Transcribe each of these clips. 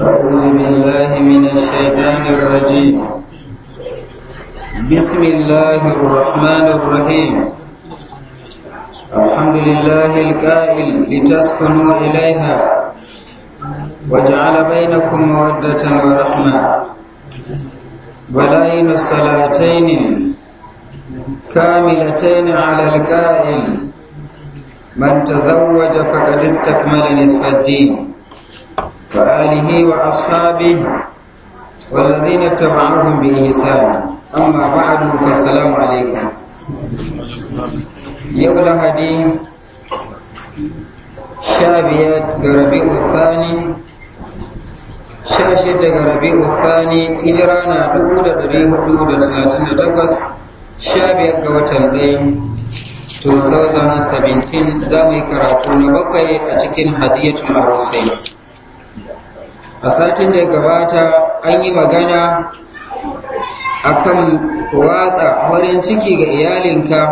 أعوذ بالله من الشيطان الرجيم بسم الله الرحمن الرحيم الحمد لله الكائل لتسكنوا إليها وجعل بينكم مودة ورحمة ولين الصلاتين كاملتين على الكائل من تزوج فقد استكمل نصف الدين وآله وأصحابه والذين اتبعوهم بإحسان أما بعد فالسلام عليكم يوم هدي شابيات ربيع الثاني شاشة ربيع الثاني إجرانا دودة دريه دودة ثلاثين تقص شابيات قوة بين توسوزان سبنتين mu yi بقية أتكين هدية a a satin da ya gabata an yi magana akan watsa wurin ciki ga iyalinka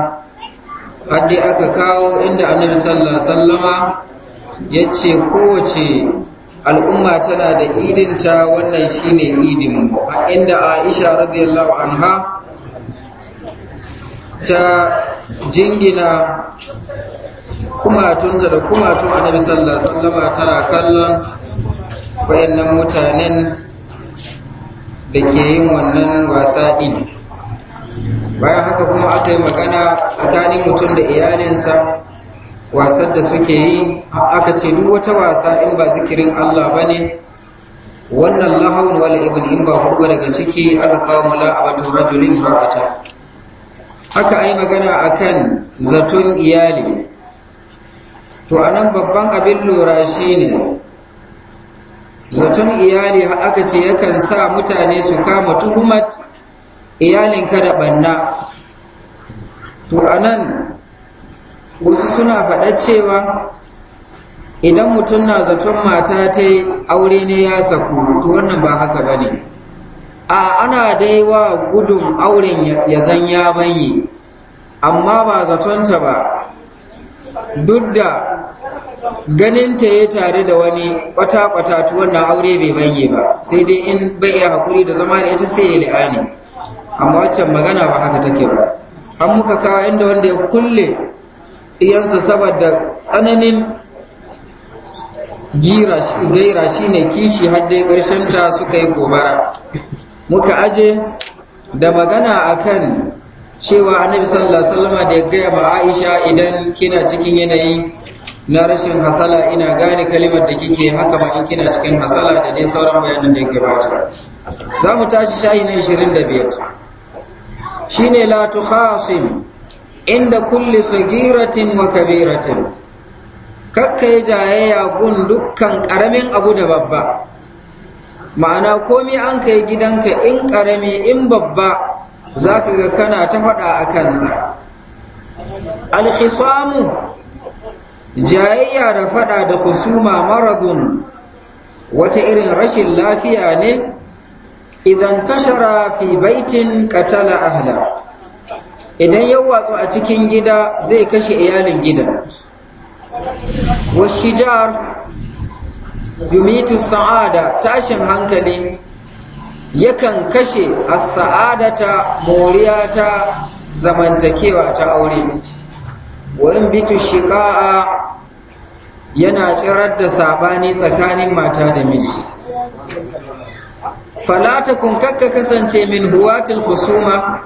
haddi aka kawo inda annabi sallallahu sallama ya ce kowace al'umma tana da idinta wannan shine idin a inda aisha radiyallahu anha ta jingina kumatunta da kumatun annabi sallallahu sallama tana kallon wayannan mutanen da ke yin wannan wasa ɗin bayan haka kuma aka yi magana tsakanin mutum da iyalinsa wasar da suke yi aka ce duk wata wasa in ba zikirin Allah ba ne wannan lahawun wala ibn in ba hudu daga ciki aka kawo mula a batun rajulin ba'ata haka yi magana a kan zaton iyali to anan babban abin lura shi ne. zaton iyali aka ce yakan sa mutane su kama tuhumar iyalin kada banna to anan wasu suna faɗa cewa idan mutum na zaton mata ta yi aure ne ya saku to wannan ba haka ba ne a ana dai wa gudun auren ya zan ya banye amma ba zatonta ba duk da ganinta ya tare da wani kwata-kwata wannan aure bai bayye ba sai dai in bai iya hakuri da zama da ita sai ya li'ani amma waccan magana ba haka take ba an muka kawo inda wanda ya kulle iyansa saboda tsananin gaira shi ne kishi haddai ta suka yi gobara muka aje da magana akan cewa annabi sallallahu alaihi wasallama da ya gaya ma Aisha idan kina cikin yanayi na rashin hasala ina gane kalimar da kike haka ba in kina cikin hasala da dai sauran bayanan da ya gabata za mu tashi shayi na 25 shine la tukhasim inda kulli sagiratin wa kabiratin kakka yi jayayya gun dukkan karamin abu da babba ma'ana komi an kai gidanka in karami in babba za ka ga kana ta faɗa a kansa alkhisamu jayayya da faɗa da husuma maradun wata irin rashin lafiya ne idan tashara fi baitin katala ahla idan ya watsu a cikin gida zai kashe iyalin gidan shijar yumitu sa'ada tashin hankali yakan kashe as-sa'adata moriya ta zamantakewa ta aure wayan bitu shiqa'a yana tsirar da sabani tsakanin mata da miji falata kun kakka kasance min huwatil husuma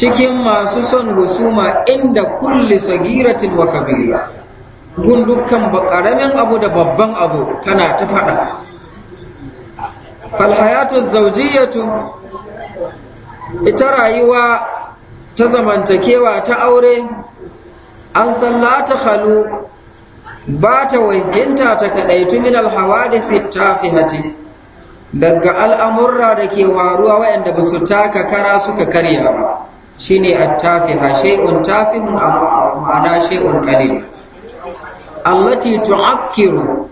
cikin masu son husuma inda kulli sagiratin wa kabira gun dukkan ba abu da babban abu kana ta faɗa falhayatu zaujiyatu ita rayuwa ta zamantakewa ta aure an sallata halu ba ta wahinta ta kaɗaitu min fi tafihati daga al'amurra da ke waruwa waɗanda ba su taka kara suka karya ba shine attafiha shay'un tafihun ma'ana shai'un kalil allati tu'akkiru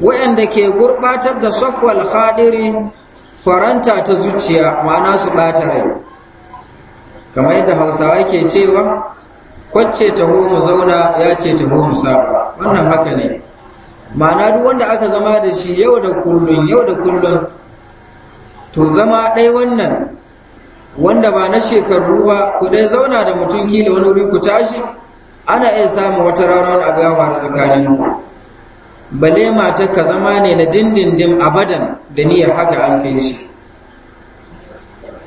waɗanda ke gurbatar da safwal khadiri faranta ta zuciya ma'ana su bata rai kamar yadda hausawa ke cewa kwacce ta mu zauna ya ce ta mu saba wannan haka ne ma'ana duk wanda aka zama da shi yau da kullun yau da kullun to zama ɗai wannan wanda ba na shekaru ba ku dai zauna da mutum kila wani wuri ku tashi ana iya samun wata rana wani abu ya bale mata ka zama ne na dindindin abadan da niyyar haka an kai shi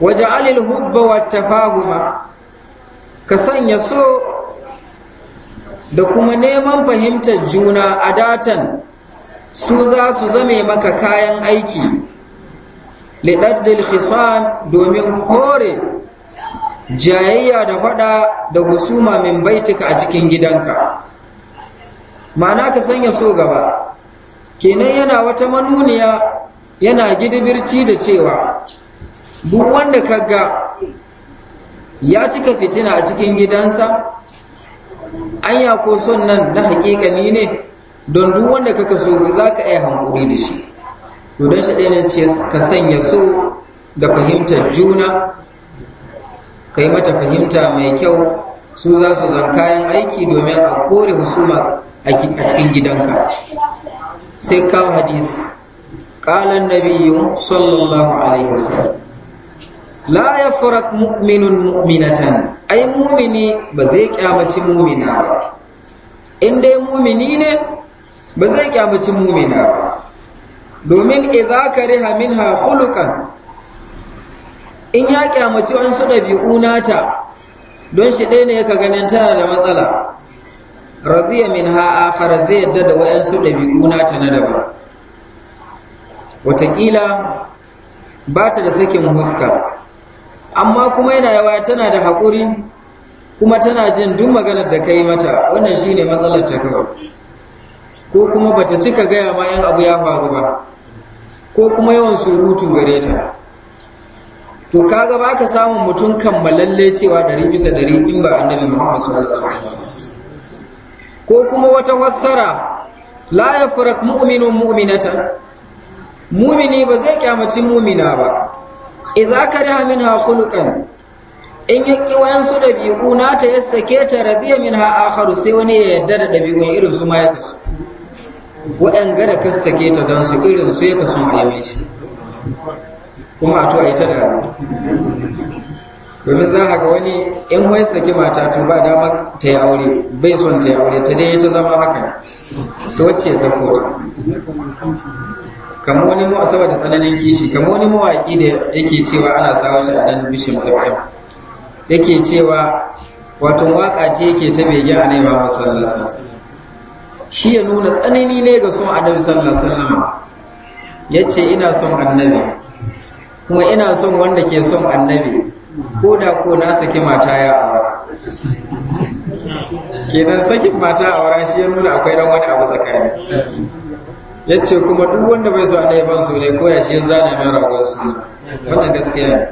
waje alil hubba wa tafahuma ka sanya so da kuma neman fahimtar juna a datan su za su zame maka kayan aiki liɗaddil khisan domin kore jayayya da faɗa da husuma min baitika a cikin gidanka ma'ana ka sanya so gaba kenan yana wata manuniya yana gidibirci da cewa duk wanda kaga ya cika fitina a cikin gidansa anya ko son nan na ni ne don duk wanda ka so za ka iya hankuri da shi to don shi ɗaya ne ce ka sanya so da fahimtar juna ka yi mata fahimta mai kyau su za su zan kayan aiki domin a kore husuma a cikin gidanka sai kawo hadis ƙalan nabiyu sallallahu alaihi wasallam la ya farak mu'minun mu'minatan ai mumini ba zai kyamaci mumina in dai mumini ne ba zai kyamaci mumina ba domin idza kariha minha khuluqan in ya kyamaci wani su ɗabi'u nata don shi ɗaya ne ka ganin tana da matsala radiya min ha akhara zai yarda da wayansu dabi'u na ta na daban Wataƙila ba ta da sakin huska amma kuma yana yawa tana da haƙuri kuma tana jin duk maganar da kai mata wannan shine matsalar ta kawa. ko kuma bata cika gaya ma yan abu ya faru ba ko kuma yawan surutu gare ta to kaga ba ka samun mutum kammalalle cewa ɗari bisa ɗari in ba annabi Muhammad sallallahu alaihi ko kuma wata fassara la ya farak mu'minu mu'minatan mu'mini ba zai kyamaci mu'mina ba idza kariha minha khuluqan in ya ƙi da ɗabi'u na ta ya sake ta radiya min ha akharu sai wani ya yarda da ɗabi'un irin su ma ya kasu wa'yan gada ka sake ta dan su irin su ya kasu a shi kuma a to ai ta da domin za a ga wani 'yan wayan sake mata to ba dama ta yi aure bai son ta yi aure ta dai ta zama haka to wacce ya sako kamar wani mu saboda tsananin kishi kamar wani mawaƙi da yake cewa ana sawa shi a dan bishin fm yake cewa wato waka ce yake ta bege a nema Muhammad sallallahu shi ya nuna tsanani ne ga son annabi sallallahu alaihi Ya ce ina son annabi kuma ina son wanda ke son annabi ko da ko na saki mata ya aura kenan sakin mata a aura shi ya nuna akwai dan wani abu tsakani ya ce kuma duk wanda bai so ɗaya ban so ne ko da shi ya zana mai ragon su ne wannan gaskiya ne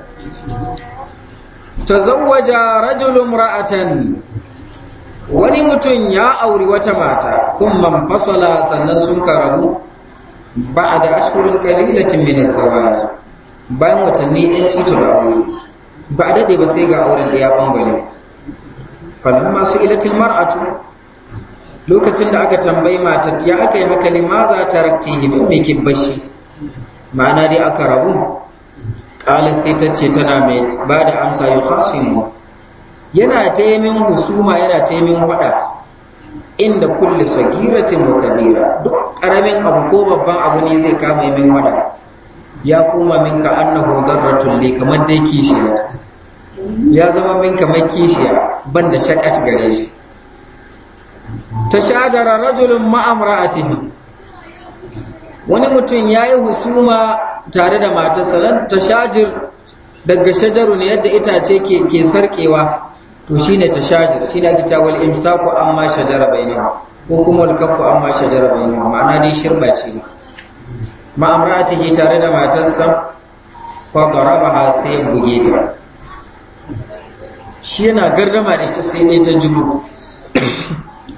tazawwaja rajulun ra'atan wani mutum ya auri wata mata kun fasala sannan sun karabu ba a da ashirin kalilatin min zawaj bayan watanni 'yan cinta da aure ba a daɗe ba sai ga auren da ya bangare falamma su ilatil mar'atu lokacin da aka tambayi matar ya aka yi haka lima za ta rakti don bashi ma'ana dai aka rabu ƙalar sai ta ce tana mai ba da amsa yi yana ta min husuma yana ta min waɗa inda kulle sagiratin wa kabira duk ƙaramin abu ko babban abu ne zai kama min waɗa ya kuma min ka annahu darratun li kamar dai ne. ya zama min kamar kishiya ban da shakat gare shi ta shajara rajulun ma'amra'atihi wani mutum ya yi husuma tare da matarsa don ta shajir daga shajaru ne yadda itace ke ke sarkewa to ne ta shajir ne ake cewa wal an amma shajara ne ko kuma wal kafu amma shajara ne ma'ana dai shirba ce a ma'amra'atihi tare da matarsa fa ba sai buge ta shi yana gardama da ita sai ne ta jigo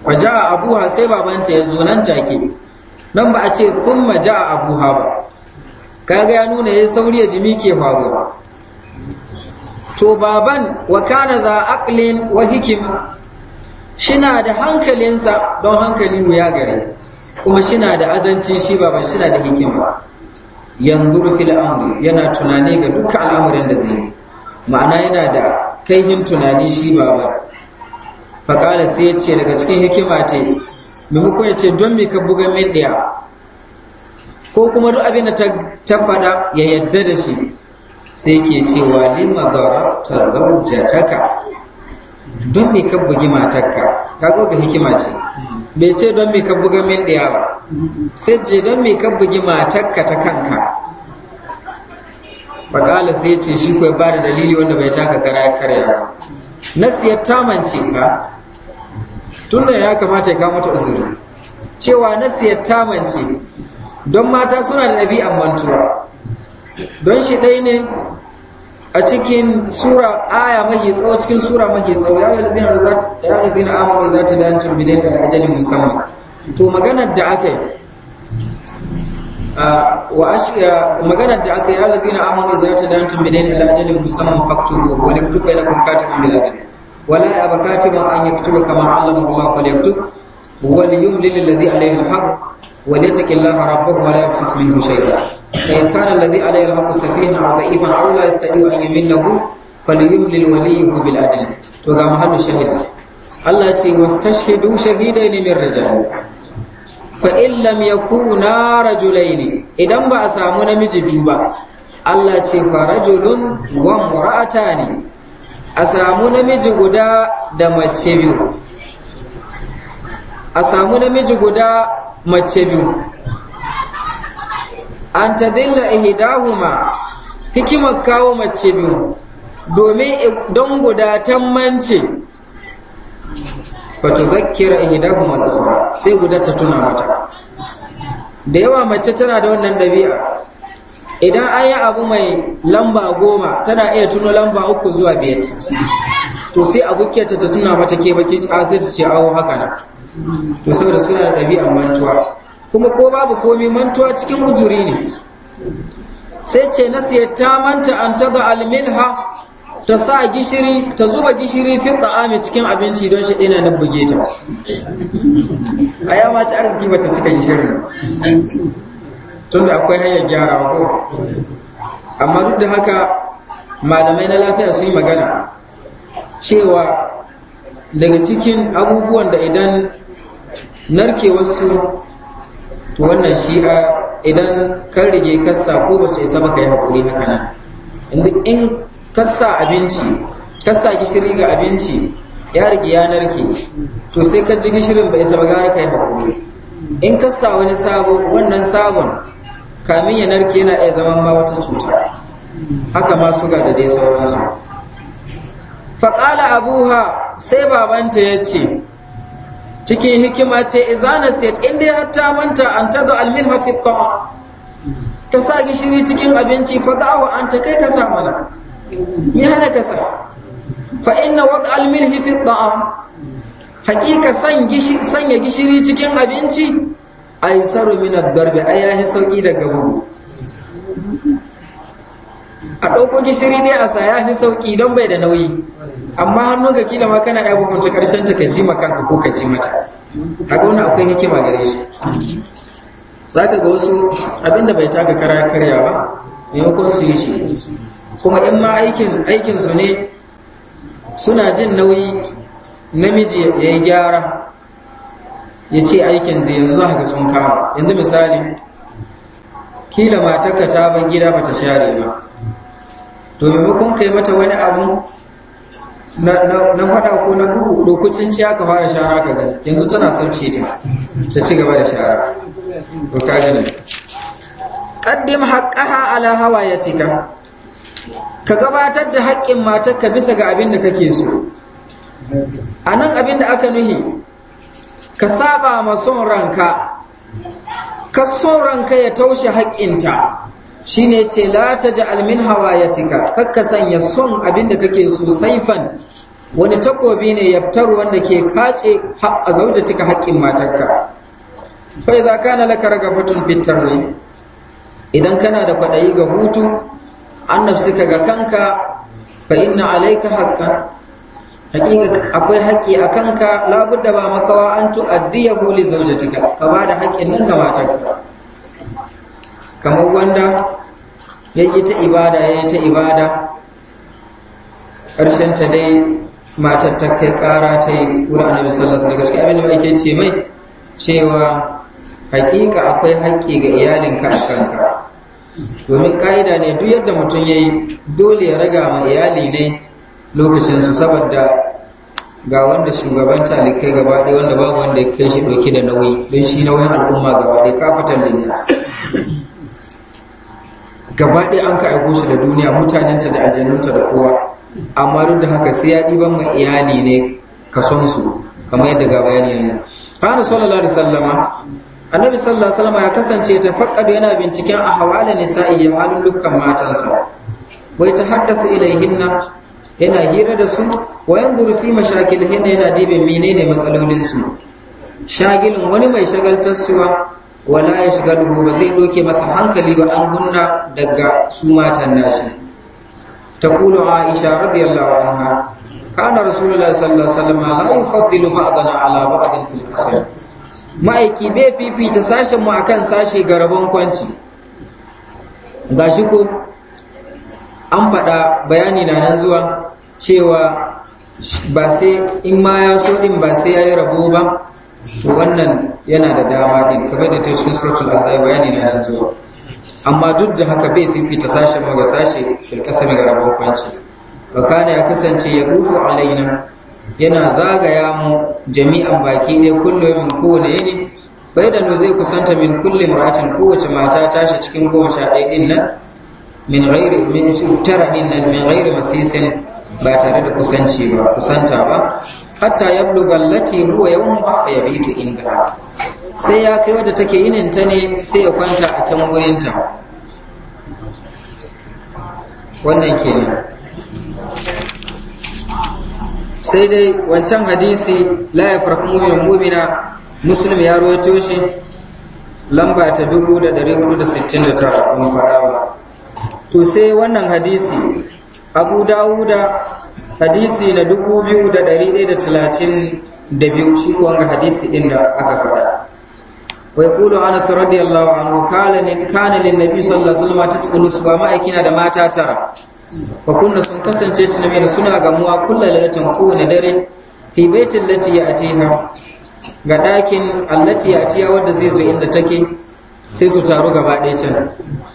wa ja'a abuha sai babanta ya zo nan take nan ba a ce thumma ja'a abuha ba kaga ya nuna ya sauri ya jimi ke faruwa to baban wa kana za aqlin wa hikima shina da hankalinsa don hankali wuya gare kuma shina da azanci shi baban shina da hikima yanzu fil amri yana tunani ga dukkan al'amuran da zai ma'ana yana da kaihin tunani shi baba faƙala sai ya ce daga cikin hikima ta yi muku ya ce don me ka buga mai ɗaya ko kuma duk abin da ta faɗa ya yadda da shi sai ke cewa lima zara ta zaujataka don me ka bugi matarka ka ga hikima ce bai ce don me ka buga mai ɗaya ba sai je don me ka bugi matarka ta kanka faƙala sai ce shi kuwa ba da dalili wanda bai taka kara karya ba nasi ya tamance ka tunda ya kamata ya kama ta uzuri cewa nasi ya tamance don mata suna da ɗabi'an mantuwa don shi ɗai ne a cikin sura aya mahi tsawo cikin sura mahi tsawo ya wani zina amanu za ta da yantar bidan da ajali musamman to maganar da aka yi wa maganar da aka yi alladhina amanu idza tadantum bi dayn ila ajalin musamman faktubu wa yaktubu lakum katibun bil adl wa la yaba katibun an yaktuba kama allama Allah falyaktub wa liyumlil alladhi alayhi alhaq wa yattaqillaha rabbahu wa la yabkhis minhu shay'a in kana alladhi alayhi alhaq safihan aw da'ifan aw la yastati'u an yamillahu falyumlil waliyuhu bil adl to ga mahallu shahid Allah ce wastashhidu shahidaini min rijalikum fa illam yakuna rajulain idan ba a samu namiji biyu ba Allah ce fa rajulun wa imra'atani a samu namiji guda da mace biyu a samu namiji guda mace biyu an tadilla ihdahuma hikimar kawo mace biyu domin don guda mance fatudhakkira ihdahum al-ukhra sai guda ta tuna mata da yawa mace tana da wannan dabi'a idan an yi abu mai lamba goma tana iya tuno lamba uku zuwa biyar to sai a abokiyarta ta tuna mata ke baki a sai ta ce awo haka na to saboda suna da ɗabi'an mantuwa kuma ko babu komai mantuwa cikin uzuri ne sai ce nasiya ta manta an taga alminha ta sa gishiri ta zuba gishiri fi ta'ami cikin abinci don shi ina na buge ta a ya ma ci arziki bata cika gishirin tunda akwai hanyar gyara ko amma duk da haka malamai na lafiya sun yi magana cewa daga cikin abubuwan da idan narke wasu to wannan shi'a idan kan rige kasa ko ba su isa ba ka yi haƙuri haka nan in kasa abinci kasa gishiri ga abinci ya rigi ya narke to sai ka ji gishirin bai isa ba gara kai hakuri in kasa wani sabo wannan sabon kamin ya narke yana iya zaman ma wata cuta haka ma suga da dai sauransu faƙala abuha sai babanta ya ce cikin hikima ce izana set in dai hatta manta an tazo almin hafi ta sa gishiri cikin abinci fa wa an ta kai ka sa mana me hana ka sa fa inna wad al milhi fi ta'am hakika san gishi sanya gishiri cikin abinci aisaru min ad-darbi ayahi sauki daga bugu a ɗauko gishiri ne a saya fi sauƙi dan bai da nauyi amma hannun ka kila ma kana ya bukunci ƙarshen ta ka ji maka ko ka ji mata a wannan akwai hikima gare shi za ka ga wasu abinda bai taka kara karya ba maimakon su yi shi kuma in ma aikin aikinsu ne suna jin nauyi namiji ya yi gyara ya ce aikin zai yanzu za ga sun kama yanzu misali kila matarka ta ban gida ba ta share ba to maimakon kai mata wani abu na fada ko na bugu lokacin ciya ka fara shara ka gani yanzu tana sarce ta ta ci gaba da shara to ka gani qaddim haƙƙaha ala ka gabatar da haƙƙin matarka bisa ga abin da kake so a nan abin da aka nuhi ka saba ma son ranka ka son ranka ya taushe haƙƙinta shi ne ce la almin hawa ya cika, kakka sanya son abin da kake so saifan wani takobi ne yaftar wanda ke kace a cika haƙƙin matarka ka na kana laka fitar ne idan kana da kwaɗayi ga hutu an nafsika ga kanka fa inna alayka haqqan hakika akwai haƙƙi a kanka labudda ba makawa an tu'addiyahu li zawjatika ka ba da nan ga matarka kamar wanda ya ta ibada ya ta ibada Karshen ta dai matar ta kai ƙara ta yi wurin annabi sallallahu alaihi wasallam daga abin da ake ce mai cewa hakika akwai haƙƙi ga iyalinka a kanka domin ƙa'ida ne duk yadda mutum ya yi dole ya raga ma iyali ne lokacinsu saboda ga wanda shugaban talikai gaba ɗaya wanda babu wanda ya kai shi ɗauki da nauyi don shi nauyin al'umma gaba ɗaya kafatan yi gaba ɗaya an ka aiko shi da duniya mutanenta da aljannunta da kowa amma duk da haka sai ya ɗiban mai iyali ne ka su kamar yadda ga bayani ne kana sallallahu alaihi wasallama annabi sallallahu alaihi wasallam ya kasance ta da yana binciken a hawala nisa'i ya halullukan matansa wai ta haddasa ilaihinna yana hira da su wa yanzuru fi mashakilihinna yana dibin menene matsalolin su shagilin wani mai shagaltar suwa wala ya shiga dubu ba zai doke masa hankali ba an gunna daga su matan nashi ta kulu aisha radiyallahu anha kana rasulullahi sallallahu alaihi wasallam la yufaddilu ba'dana ala ba'din fil kasal ma'aiki bai fifita sashen mu akan sashe ga rabon kwanci shi ko an faɗa bayani na nan zuwa cewa ba sai in ma ya so din ba sai ya yi rabo ba to wannan yana da dama din kamar da ta cikin a azai bayani na nan zuwa amma duk da haka bai fifita sashen mu ga sashe fil kasami rabon kwanci wa ya kasance ya bufu alaina yana zagaya mu jami'an baki ne kullum min kowane yini bai da zai kusanta min kullum ratin kowace mata tashi cikin goma sha ɗaya ɗin nan min ghairi min tara ɗin nan min ghairi masisin ba tare da kusanci ba kusanta ba hatta ya bluga lati huwa yawmu fa yabitu inda sai ya kai wadda take yinin ta ne sai ya kwanta a can wurinta wannan kenan sai dai wancan hadisi la ya farku mu'min mu'mina muslim ya rawaito shi lamba ta 1469 kuma faɗa ba to sai wannan hadisi abu dawuda hadisi na 2132 shi wanga hadisi din da aka faɗa Wai انس رضي الله عنه قال كان للنبي صلى الله عليه وسلم تسع نسوة ما ma'aikina da mata tara. fa kunna sun kasance na suna gamuwa kullal lailatin kowane dare fi baitin lati ya atiha ga ɗakin allati ya atiya wanda zai zo inda take sai su taru gaba ɗaya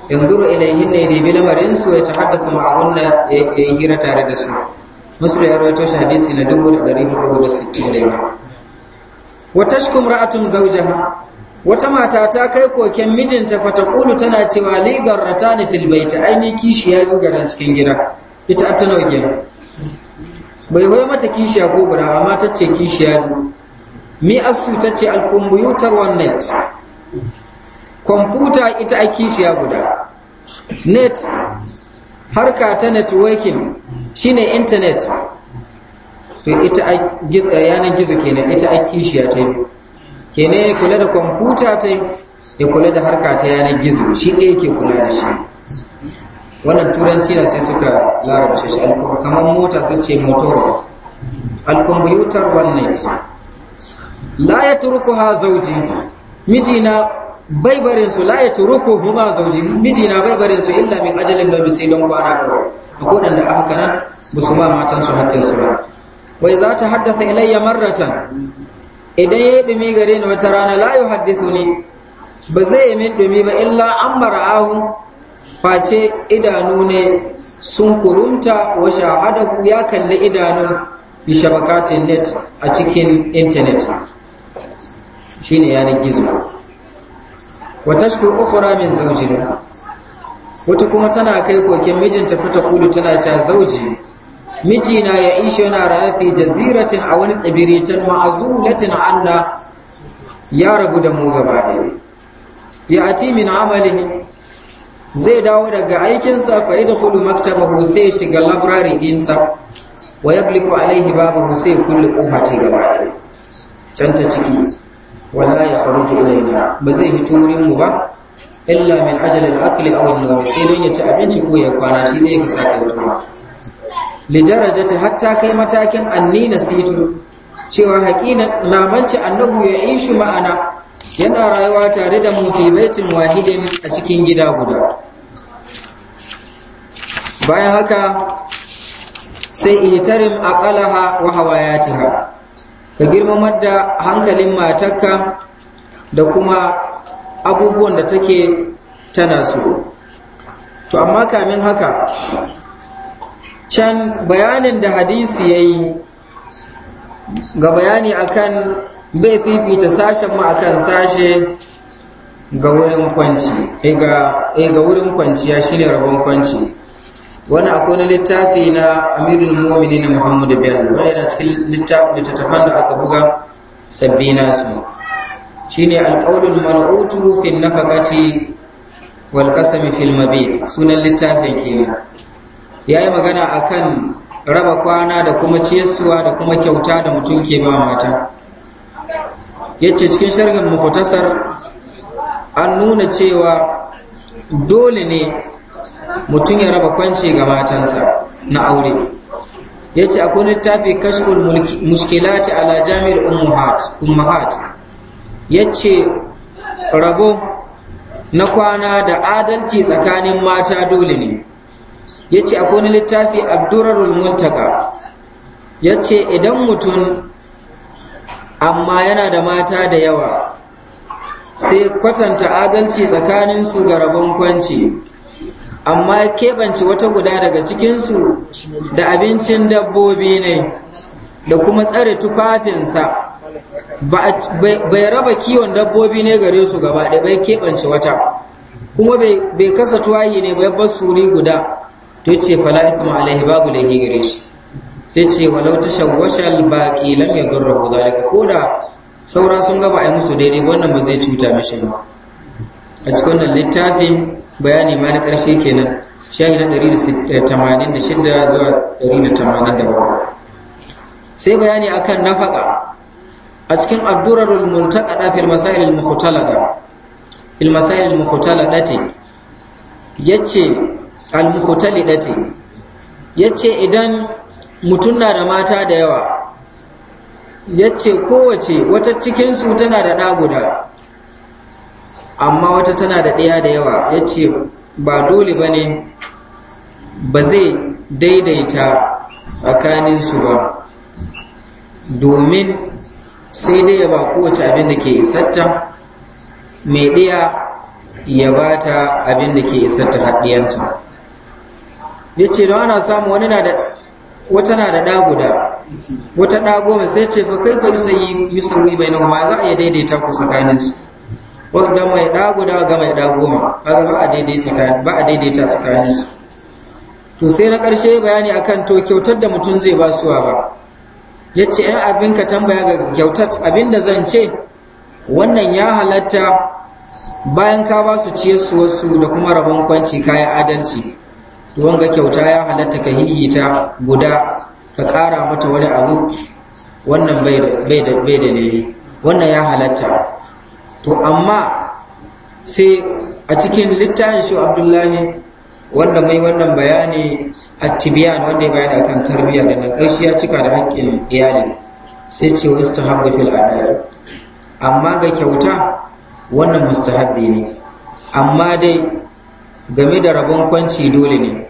can duru ilayhin ne ribi lamarin su ya tahaddathu ma'ahunna ya yi hira tare da su muslim ya rawaito shi hadisi na 1461 wa tashkum ra'atun zawjaha wata mata ta kai koken mijinta fatakulu tana cewa li garratani fil baiti aini kishi ya yi garan cikin gida ita ta nawa kenan bai hoya mata kishiya ko gobara amma ta ce kishiya mi asu ta ce one net kwamfuta ita a kishiya guda net harka ta networking shine internet to ita a yanar gizo kenan ita a kishiya ta yi. kene ne kula da kwamfuta ta ya kula da harka ta yanar gizo shi ɗaya ke kula da shi wannan turanci na sai suka larabce shi kamar mota sai ce motor alkwamfutar wannan la ya turuku ha zauji mijina bai barinsu su la ya turuku huma zauji mijina bai barinsu illa min ajalin da sai don kwana kawo a waɗanda da aka nan ba matansu ma ba wai za ta haddasa ilayya marratan idan ya yi ɗumi gare ni wata rana la yuhaddithu ni ba zai yi min dumi ba illa an mara'ahu face idanu ne sun kurumta wa ku ya kalli idanun bi shabakatin net a cikin intanet shine yanar gizo wata shukun ukura min zaujina wata kuma tana kai koken mijinta fita kudu tana ca zauji mijina ya ishe yana rafi jaziratin a wani tsibiri can ma'azulatin Allah ya rabu da mu gaba ɗaya ya ati min amalin. zai dawo daga aikinsa fa hudu maktaba sai ya shiga library ɗinsa wa yagliqu alaihi Babu sai kulli kofa ce gaba ɗaya can ta ciki wala ya faru ta ilaina ba zai hito wurin ba illa min ajalin akali a wani sai don ya ci abinci ko ya kwana shi ne ya saka ya Li darajati hatta kai matakin annina situ cewa haƙina namanci annahu ya ishu ma'ana yana rayuwa tare da mu fi baitin wahidin a cikin gida guda bayan haka sai itarim aqalaha wa hawayatiha ka girmamar da hankalin matarka da kuma abubuwan da take tana su. to amma kamin haka can bayanin da hadisi ya yi ga bayani akan bai fifita sashen mu akan sashe ga wurin kwanci eh, eh, ga wurin kwanciya shine rabon kwanci wani akwai na littafi na amirul mumini na muhammadu bello wani yana cikin littattafan da aka buga sabbi nasu shine alƙaulul mal'utu fil nafaqati wal qasami fil mabit sunan littafin kenan ya yi magana a kan raba kwana da kuma ciyarsuwa da kuma kyauta da mutum ke ba mata yace cikin sharhin mufatasar an nuna cewa dole ne mutum ya raba kwanci ga matansa na aure yace akwai littafi kashful muskilaci ala Umahad ummahat yace rabo na kwana da adalci tsakanin mata dole ne ya ce akwai wani littafi abdurarul muntaka ya ce idan mutum amma yana da mata da yawa sai kwatanta adalci tsakaninsu ga rabon kwanci amma keɓance wata guda daga cikinsu da abincin dabbobi ne da kuma tsare tufafinsa bai raba kiwon dabbobi ne gare su gaba ɗaya bai keɓance wata kuma bai kasa tuwayi ne bai bar suri guda to ce fala ithma alaihi babu laifi gare shi sai ce walau tashawwasha albaqi lam yadurruhu zalika koda saura sun gaba ai musu daidai wannan ba zai cuta mishi ba a cikin wannan littafin bayani ma na karshe kenan shahi na 186 eh, zuwa 187 sai bayani akan nafaka a cikin addurarul muntaqada fil masail al mukhtalada fil masail al mukhtalada yace al ya yace idan mutum na da mata da yawa yace kowace wata cikinsu tana da ɗa guda amma wata tana da ɗaya da yawa yace ba dole bane ba zai daidaita tsakaninsu ba domin sai dai ya ba kowace abin da ke isatta mai ɗaya ya ba ta abin da ke isarta haɗiyanta ya ce da ana samu wani na da wata na da ɗa guda wata ɗa mai sai ce fa kai bari sai yi sauri bai nan ba za a iya daidaita ku tsakaninsu wanda mai ɗa guda ga mai ɗa ma kaga ba a daidaita tsakaninsu to sai na ƙarshe bayani akan to kyautar da mutum zai ba suwa ba ya ce ‘yan abin ka tambaya ga kyautar abin da zan ce wannan ya halatta bayan ka ba su ciyarsu wasu da kuma rabon kwanci kayan adalci wanga kyauta ya halatta ka hihita guda ka ƙara mata wani abu wannan bai da ne wannan ya halatta to amma sai a cikin littafin shi abdullahi wanda mai wannan bayani a tibiyan wanda ya bayani akan tarbiyya da nan ƙarshe ya cika da haƙƙin iyali sai ce wasu ta haɓe fil amma ga kyauta wannan mustahabbi ne amma dai game da rabon kwanci dole ne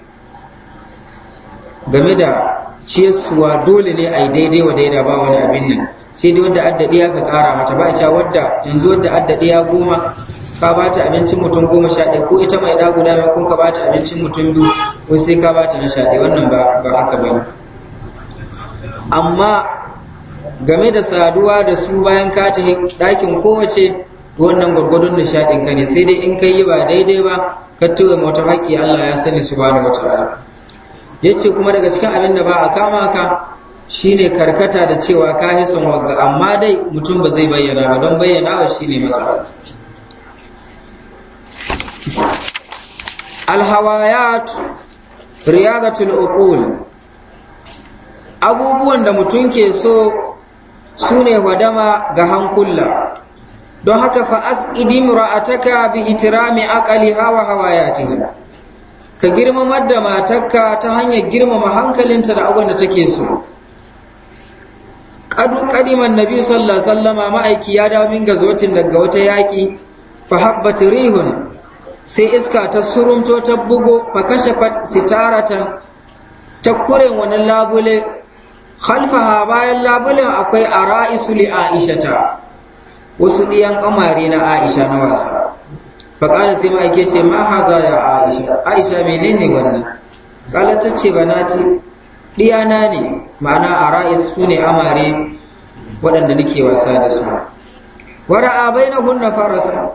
game da ciyarsuwa dole ne a yi daidai wa daida ba wani abin nan sai dai wadda addaɗi ya ka ƙara mata ba ita wadda yanzu wadda addaɗi ya goma ka ba ta abincin mutum goma sha ɗaya ko ita mai ɗa guda mai kun ka ba ta abincin mutum biyu ko sai ka ba ta na sha ɗaya wannan ba haka ba ne amma game da saduwa da su bayan ka ɗakin kowace to wannan gwargwadon nishaɗin ka ne sai dai in kai yi ba daidai ba ka tura mota haƙƙi Allah ya sani subhanahu wataala yace kuma daga cikin abin da ba a kama ka shine karkata da cewa ka yi son wagga amma dai mutum ba zai bayyana ba don bayyana wa shine masa alhawayat riyadatul uqul abubuwan da mutum ke so sune wadama ga hankula don haka fa idin ra’ataka bi itirami hawa ya hawayatiha ka girmamar da matarka ta hanyar girmama hankalinta da abin da take so kadiman nabi sallallahu ma'aiki ya damin ga gazotin daga wata yaƙi fa habbat turihun sai iska ta surumto ta bugo fa kashe sitaratan ta kuren wani labule khalfaha bayan labulen akwai a li aishata wasu ɗiyan amare na aisha na wasa faƙala sai ma'aike ce ma haza ya aisha aisha menene wannan ƙala ta ce ba na ɗiyana ne ma'ana a ra'is su amare waɗanda nake wasa da su Wara bai na hunna farasa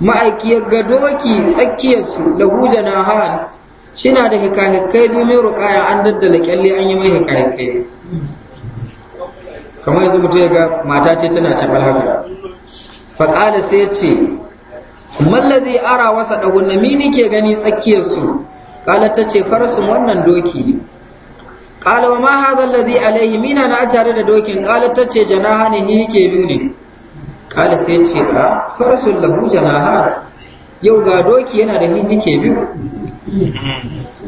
ma'aikiyar ga doki tsakiyarsu lahuja na han shina da hikahikai biyu domin rukaya an daddala kyalle an yi mai kai. kamar yanzu mutum ya ga mata ce tana cafal malhaka faƙada sai ya ce mallazi ara wasa ɗagun na mini ke gani tsakiyarsu ƙala ta ce farsu wannan doki ne ƙala wa ma hadha alladhi alaihi mina na tare da dokin ƙala ta ce janaha ne ni ke biyu ne ƙala sai ce a farsu lahu janaha yau ga doki yana da ni ke biyu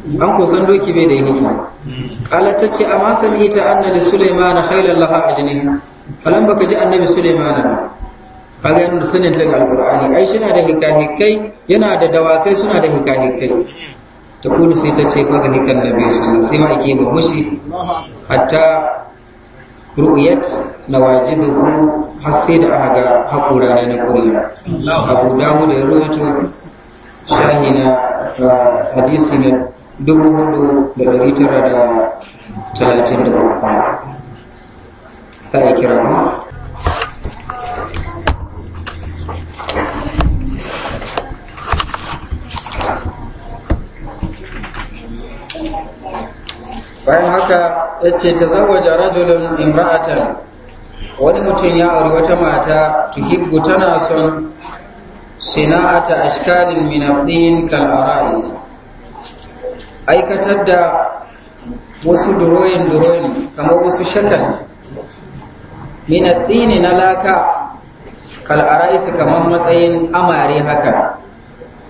an ko doki bai da yake kala ta ce amma sami'ta anna li sulaimana khaylan laha ajniha falan baka ji annabi ka ga yana da sanin alqur'ani ai shi na da hikahikai yana da dawakai suna da hikahikai ta kulu sai ta ce fa hikan nabi sallallahu sai ma ake mushi hatta ru'yat nawajiduhu hasid aga da hakura ne na kuriya abu dawud ya ruwaito shahina ah, hadisi na dubu hudu da dari tara da talatin da uku ka yi kira mu bayan haka ya ce ta zawaja rajulun imra'atan wani mutum ya auri wata mata tuhibbu tana son sina'ata ashkalin min abdin kal aikatar da wasu duroyin duroyin kamar wasu shakal ne na laka kal'ara'isa kamar matsayin amare haka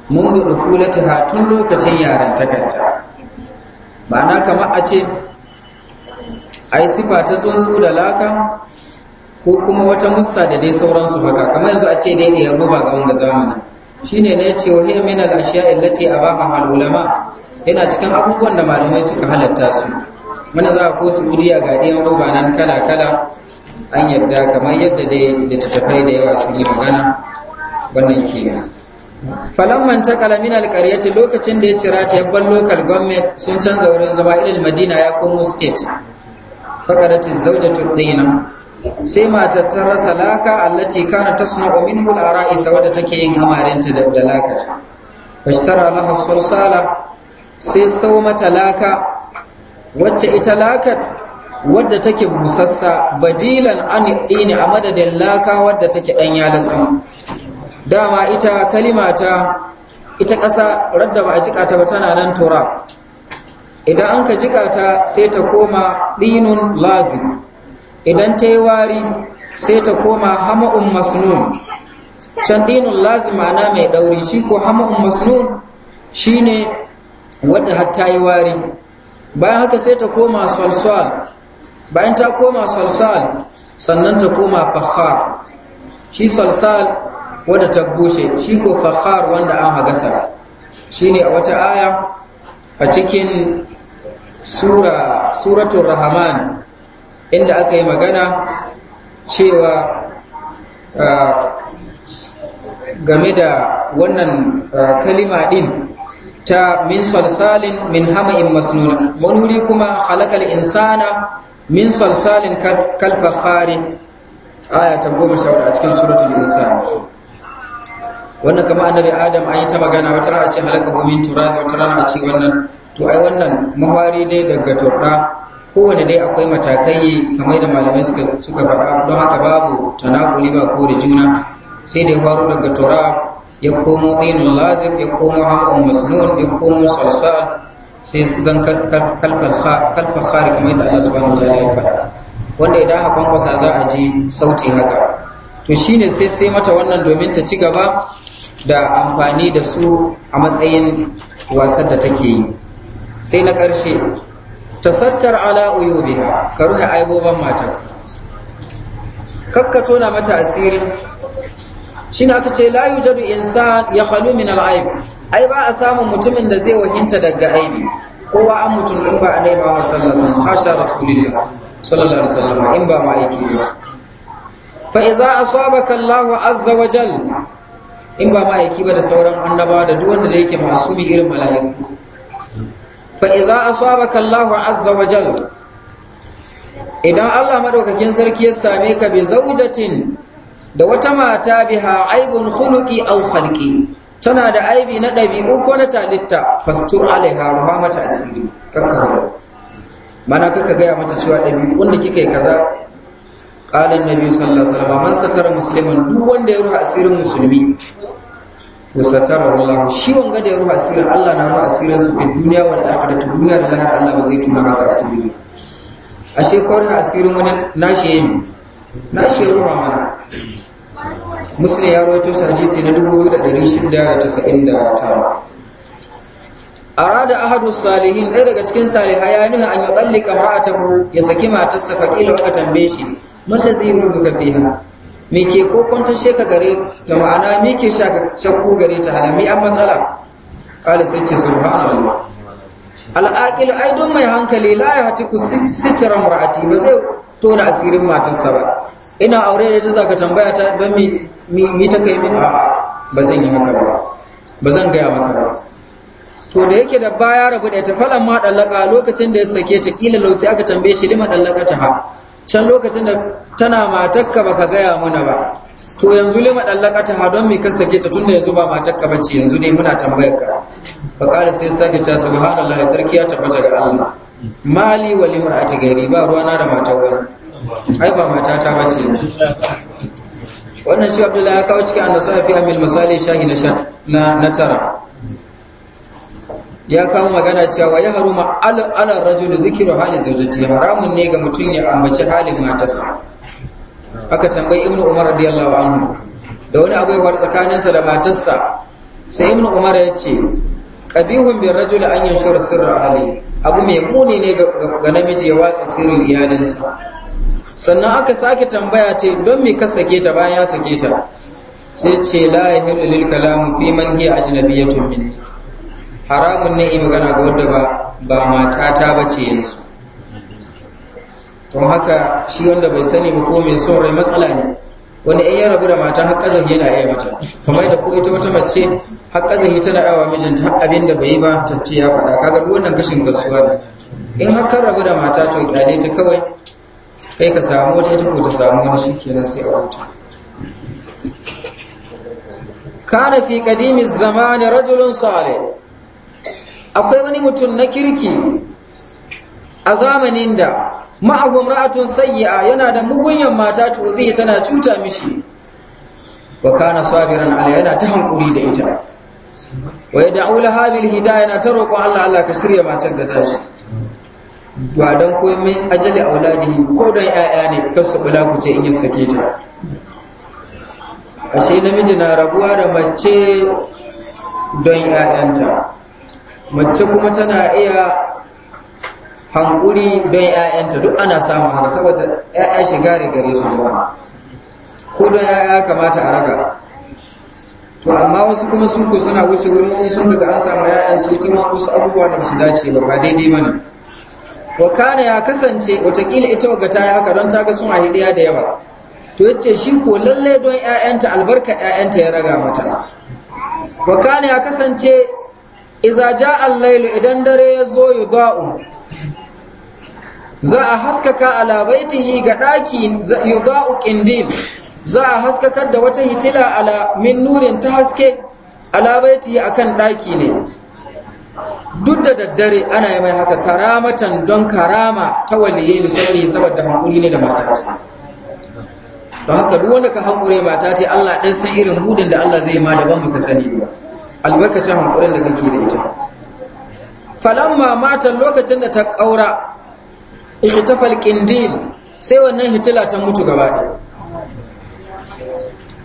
mun da rukulatiha hatun lokacin yaren takarta ma'ana kamar a ce a yi sifa ta tsuntsu da laka ko kuma wata musa da dai sauransu haka kamar yanzu a ce dai da ruba ga wanda zamanin Shi ne ce yace hiya min al-ashiya allati a al-ulama yana cikin abubuwan da malamai suka halatta su mana za a ko su kuriya ga ɗiyan roba nan kala-kala an yarda kamar yadda dai littattafai da yawa sun yi magana wannan kenan falon ta kalamin lokacin da ya cira ta yabban lokal government sun canza wurin zama irin madina ya komo state fakarati zaujatu turɗina sai matar ta rasa laka allati kana tasna'u minhu al ra'isa wadda take yin amarinta da tara fashtara laha Sala? sai sau mata laka wacce ita lakar wadda take busassa badilan an ini a madadin laka wadda take ɗanya latsa dama ita kalimata ita ƙasa radda ba a jika ba tana nan tura idan an ka jika ta sai ta koma ɗinun lazim idan ta yi wari sai ta koma hama'un masnun can ɗinun lazim ma'ana mai ɗauri shi ko hama'un masnun ne. wadda hatta yi wari bayan haka sai ta koma salsal bayan ta koma salsal sannan ta koma fakhar shi salsal wadda ta bushe shi ko fakhar wanda an hagasa shine a wata aya a cikin sura suratul rahman inda aka yi magana cewa ah, game da wannan ah, kalima din ta min salsalin min hama'in masnuna wani wuri kuma halakal insana min salsalin kalfakhari aya ta goma sha a cikin suratul insan wannan kama annabi adam an yi ta magana wata rana ce halaka tura da wata rana ce wannan to ai wannan mawari dai daga turɗa kowane dai akwai matakai kamar da malamai suka faɗa don haka babu tanakuli ba ko da juna sai dai faru daga tura ya komo ɗin lazim ya komo hamun masnun ya komo salsal sai zan kalfa khari kamar yadda Allah subhanahu wa ta'ala ya faɗa wanda idan aka kwankwasa za a ji sauti haka to shine sai sai mata wannan domin ta ci gaba da amfani da su a matsayin wasan da take yi sai na ƙarshe tasattar ala uyubiha ka ruhe aiboban matar kakkato na mata asirin shine aka ce la yujadu insan ya khalu min al'aib ai ba a samun mutumin da zai wahinta daga aibi kowa an mutum in ba annabi Muhammad sallallahu alaihi wasallam hasha rasulillah sallallahu alaihi wasallam in ba ma aiki ba fa idza asabaka Allahu azza wa jal in ba ma'aiki ba da sauran annabawa da duk wanda da yake masumi irin mala'iku fa idza asabaka Allahu azza wa jal idan Allah madaukakin sarki ya same ka bi zaujatin da wata mata biha aibun khuluqi aw khalqi tana da aibi na ɗabi'u ko na talitta fastu alaiha ruwa mata asiri kakka mana kaka gaya mata cewa ɗabi'un da kika yi kaza ƙalin nabi sallallahu alaihi wasallam man satara musliman duk wanda ya ruha asirin musulmi to satara Allah shi wanga da ya ruha asirin Allah na ruha asirin su fi dunya wal akhirah duniya da lahar Allah ba zai tuna maka asiri ashe ko ruha asirin wani nashi yayi nashi ruha mana muslim ya rawaito su hadisi na 2699 arada ahadu salihin ɗaya daga cikin saliha ya nuna an yi yudallika ra'atahu ya saki matarsa faqila wa tambaye shi man ladhi yurduka fiha me ke ko kwantar sheka gare ga ma'ana me ke shakku gare ta halami an matsala qala sai ce subhanallah al'aqil ai don mai hankali la ya hatiku sitran ra'ati ba zai tona asirin matarsa ba ina aure da ta zaka tambaya ta don me ni ta kai mini ba zan yi haka ba ba zan gaya maka ba to da yake da baya rabu da ta falan ma dallaka lokacin da ya sake ta kila lau sai aka tambaye shi lima dallaka ta ha can lokacin da tana matakka baka gaya mana ba to yanzu lima dallaka ta ha don me ka sake ta tunda yanzu ba matakka bace yanzu dai muna tambayar ka fa qala sai sake ta subhanallahi sarki ya tabbata ga Allah mali wa limra'ati gari ba ruwana da matawai ai ba matata bace wannan shi abdullahi ya kawo cikin annasa fi amil misali shahi na na tara ya kawo magana cewa ya haruma ala ala rajul dhikru hali zawjati haramun ne ga mutum ya ambaci halin matarsa aka tambayi ibnu umar radiyallahu anhu da wani abu ya tsakaninsa da matarsa sai ibnu umar ya ce qabihun bir rajul an yanshura sirra Ali, abu mai muni ne ga namiji ya watsa sirrin iyalinsa sannan aka sake tambaya ta don me ka sake ta bayan ya sake ta sai ce la yahillu lil kalam fi man hiya ajnabiyatun minni haramun ne yi magana ga wanda ba ba ta bace yanzu don haka shi wanda bai sani ba ko mai son rai matsala ne wani in ya rabu da mata har yana iya mata Kuma da ko ita wata mace har kazahi tana awa mijinta har abin da bai yi ba tattu ya faɗa kaga duk wannan kashin kasuwa ne in har rabu da mata to kyale ta kawai kai ka samu wata ta samu wani shi kenan sai a wuta kana fi qadimi zamani rajulun salih akwai wani mutum na kirki a zamanin da ma'ahu ra'atun a yana da mugunyan mata to tana cuta mishi wa kana sabiran ala yana ta hankuri da ita wa yad'u laha bil hidayah yana ta roƙon Allah Allah ka shirya matar da tashi ba don komai ajali a wuladi ko don 'ya'ya ne kar su bula ku ce in yi sake ta ashe namiji na rabuwa da mace don 'ya'yanta mace kuma tana iya hankuri don 'ya'yanta duk ana samun haka saboda 'ya'ya shiga ne gare su jama'a ko don 'ya'ya kamata a raga to amma wasu kuma sun ku suna wuce wurin sun ga an samu 'ya'yan su ita ma wasu abubuwa da su dace ba ba daidai mana wa kana ya kasance watakila ita wagga ya haka don ta ga sun a da yawa to yace shi ko lalle don ƴaƴanta albarka ƴaƴanta ya raga mata wa kana ya kasance iza ja al-lailu idan dare ya zo yudau za a haskaka ala baitihi ga daki yudau qindil za a haskakar da wata hitila ala min nurin ta haske ala baitihi akan daki ne duk da daddare ana yi mai haka karamatan don karama ta waliye ne sauri saboda hankuri ne da mata ce haka duk wanda ka hankure mata ce Allah ɗan san irin budin da Allah zai ma daban baka sani ba albarkacin hankurin da kake da ita falamma matan lokacin da ta ƙaura ihtafal qindil sai wannan hitila ta mutu gaba ɗaya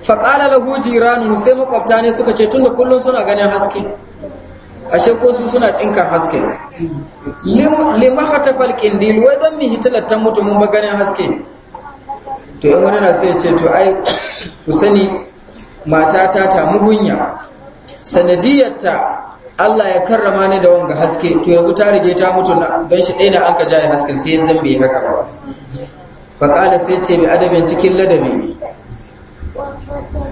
faƙala lahu jiranu sai makwabta ne suka ce tunda kullum suna ganin haske ashe ko su suna tsinkan haske lima falkin qindil wai dan mi hitilar ta mutu mun ganin haske to 'yan wani na sai ce to ai ku sani matata ta muhunya. sanadiyarta Allah ya karrama ni da wanga haske to yanzu ta rige ta mutu don shi ɗaya na an ka jaye hasken sai yanzu bai haka ba faƙala sai ce bi adabin cikin ladabi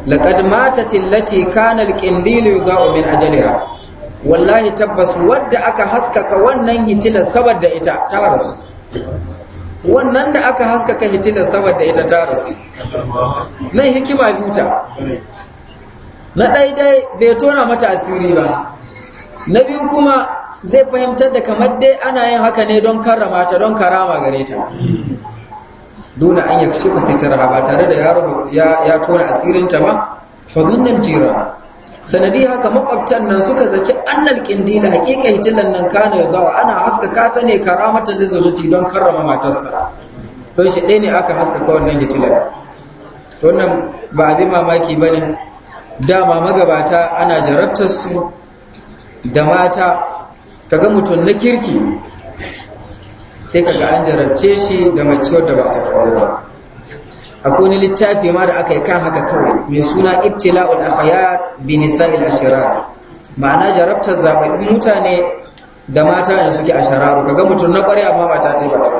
laqad matatil lati kanal al-qindil yudha'u min ajaliha wallahi tabbas wadda aka haskaka wannan hitilar saboda ita ta rasu wannan da aka haskaka hitilar saboda ita ta rasu nan hikima duta. na daidai bai tona mata asiri ba na biyu kuma zai fahimtar da kamar dai ana yin haka ne don karrama ta don karama gare ta dole an yi ba sai ta ba tare da ya tona asirinta ba fa zannan jira sanadi haka makwabtan nan suka zaci annal kindila hakika hitilan nan kana ya zawa ana haskaka ta ne karamatan da zauci don karrama matarsa don shi ɗaya ne aka kawai wannan hitilan wannan ba abin mamaki ba ne dama magabata ana jarabtar su da mata kaga mutum na kirki sai kaga an jarabce shi da mace da ba ta akwai wani littafi ma da aka yi kan haka kawai mai suna ibtila'ul akhyar binisanil ashirar ma'ana jarabtar zaɓaɓɓun mutane da mata da suke ashirar ga kaga mutum na ƙware amma mata ce ba ta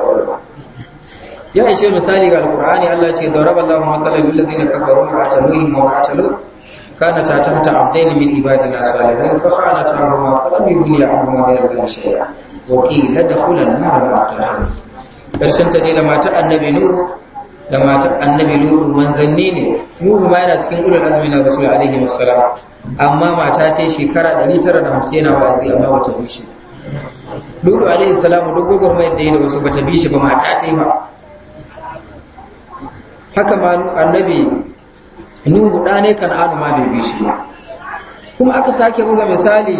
ya ishe misali ga alƙur'ani Allah ce da raba lahun matsalar lullazi na kafaru a taluhi ma a talu kana ta tahta abdaini min ibadina na fa fa'ala ta huma lam yubni a min al-ghayri shay'a wa qila dakhula an-nar ma'a karshen ta ne da mata annabi nuhu da matar annabi luhu manzanni ne nuhu ma yana cikin ulul azmi na rasul alaihi wasallam amma mata ta shekara 950 yana wazi amma wata bishi luhu alaihi salam duk mai da yi da wasu bata bishi ba mata ta ba haka ma annabi nuhu da ne kan anu ma bai bishi kuma aka sake buga misali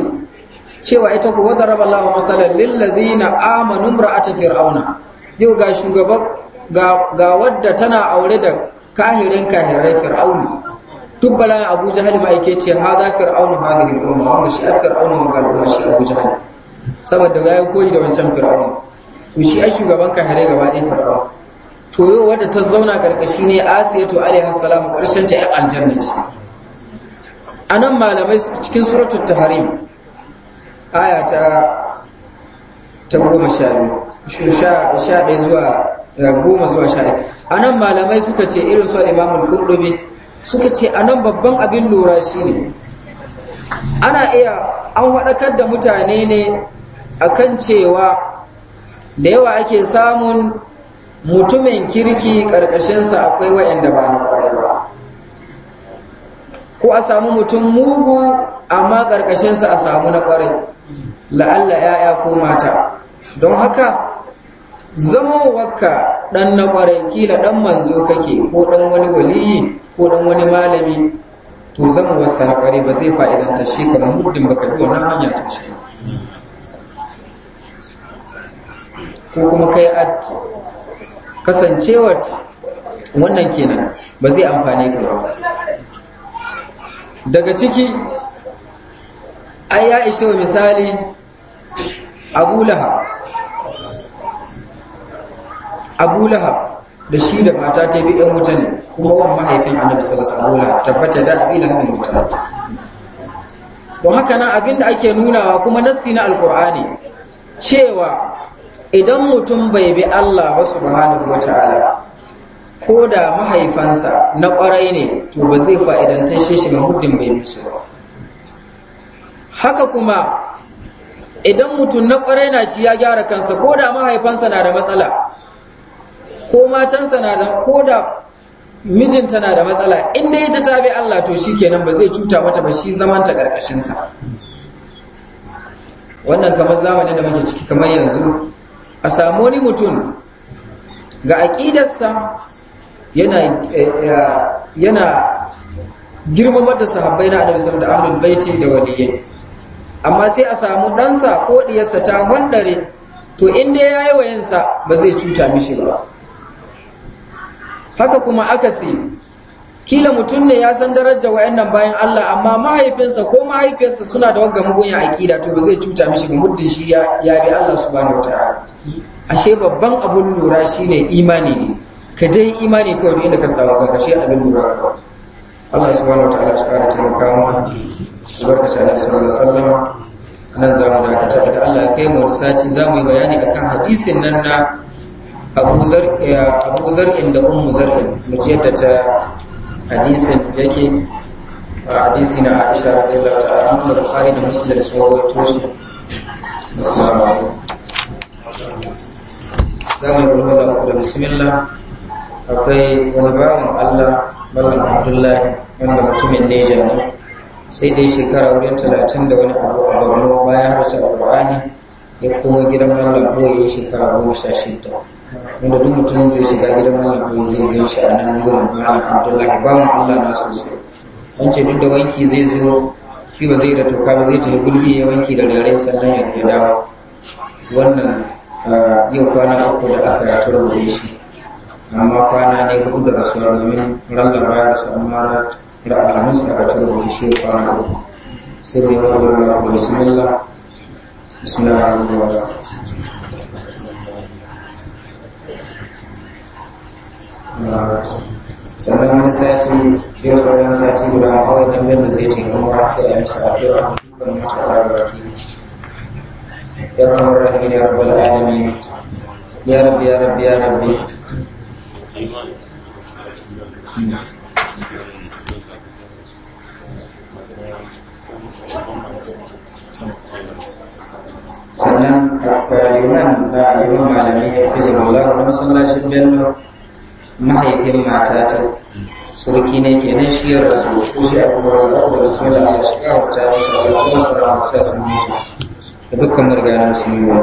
cewa ita ku wadda raba Allah matsalar lillazina amanu ra'ata fir'auna yau ga shugaban ga wadda tana aure da kahirin kahirai fir'auni duk balayin abu jahal ma yake ce ha za fir'auni ha da al'umma wanda shi a fir'auni ga al'umma shi abu jahal saboda ya koyi da wancan fir'auni to shi ai shugaban kahirai gaba ɗaya fir'auni to yau wadda ta zauna ƙarƙashi ne to alaihi salam karshen ta yan aljanna ce nan malamai cikin suratul tahrim aya ta ta goma sha biyu sha ɗaya zuwa goma zuwa sha a nan malamai suka ce irin su al'imamun ƙurɗubi suka ce a nan babban abin lura shi ne ana iya an waɗakar da mutane ne akan cewa da yawa ake samun mutumin kirki ƙarƙashinsa akwai wa'anda ba na ko a samu mutum mugu amma ƙarƙashinsa a samu na ƙwarai la'alla 'ya'ya ko mata don haka Zama wakka ɗan na ƙwarai kila ɗan manzo kake ko ɗan wani waliyi ko ɗan wani malami to wasa na ƙwarai ba zai fa'idanta shi kamar muddin baka bi wannan hanya ta shi ko kuma kai at kasancewar wannan kenan ba zai amfane ka ba daga ciki ai ya isa wa misali abu lahab abu lahab da shi da mata ta bi yan wuta ne kuma wani mahaifin annabi sallallahu alaihi wasallam tabbata da abin lahab ne wuta don haka nan da ake nunawa kuma nassi na alqur'ani cewa idan mutum bai bi Allah ba subhanahu wataala ko da mahaifansa na ƙwarai ne to ba zai fa'idantar shi shi muddin bai musu ba haka kuma idan mutum na kwarai na shi ya gyara kansa ko da mahaifansa na da matsala ko matansa na da ko da mijinta na da matsala in dai ita ta bi Allah to shikenan ba zai cuta mata ba shi zaman ta karkashin sa wannan kamar zamanin da muke ciki kamar yanzu a samu wani mutum ga aƙidarsa yana eh, eh, yana girmamar da sahabbai na annabi sallallahu alaihi ahlul baiti da waliyai amma sai a samu ɗansa ko ɗiyarsa ta wandare to in dai yayi wayansa ba zai cuta mishi ba haka kuma akasi kila mutum ne ya san darajar wayannan bayan Allah amma mahaifinsa ko mahaifiyarsa suna da wagga mugunya akida to ba zai cuta mishi ba muddin shi ya bi Allah subhanahu wataala ashe babban abun lura shine imani ne ka dai imani kawai da inda ka samu ka kashe abin lura Allah subhanahu wataala shi kara taimaka mu barkata da sallallahu alaihi nan za mu dakatar da Allah ya kai mu da sati za mu yi bayani akan hadisin nan na abu zar'in da ummu zar'in muke ta hadisin yake hadisi na aisha radiyallahu ta'ala an da bukhari da musulun su sun toshe shi assalamu alaikum zamu yi da da bismillah akwai wani bawan Allah mallam Abdullahi wanda mutumin Neja ne sai dai shekara wurin talatin da wani abu a Borno bayan harshen Qur'ani ya kuma gidan mallam Boye shekara goma sha shida wanda duk mutum zai shiga gidan malami zai gan shi a nan gurin malam abdullahi ba mu allah na sosai an ce duk da wanki zai zo shi ba zai da toka ba zai tafi gulbi ya wanki da dare sannan ya ke dawo wannan yau kwana uku da aka da shi amma kwana ne hudu da rasuwa domin rallaba bayar rasu amma da alhamis aka turbe shi kwana uku sai da yawan da bismillah bismillah sannan saya sati yau sauran sati guda kawai damben da zai ce umra sai a yi sa'a yau an ya rahmar ya rabbal ya rabbi ya rabbi ya rabbi sannan liman ya fi zama Allah wani masallacin mahaifin matata sarki ne ke nan shi ya rasu ko shi abu wa rabu da sun da ya shiga wa ta wasu abu kuma su ba su sa sun mutu da dukkan margana su yi wa ya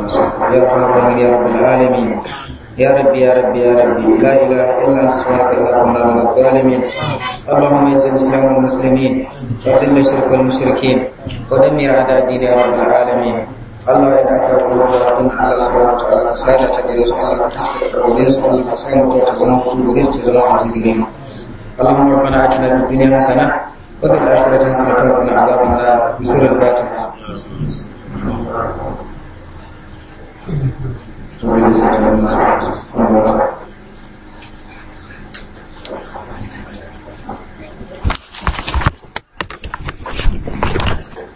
kuma ba ya rabu alami ya rabbi ya rabbi ya rabbi la ilaha illa anta subhanaka inna kunna min adh-dhalimin allahumma izil islam wal muslimin wa dhil shirka wal mushrikeen wa dhimmir adadina rabbil alamin Allah ya dace da wannan Allah subhanahu wataala ka sada ta gare su Allah ka haske ta gare su Allah ka sa mutum ta zama mutum gare su ta zama azi gare mu Allahumma rabbana atina fid dunya hasana wa fil akhirati hasanatan wa qina adhaban nar bi sirril fatiha Thank you.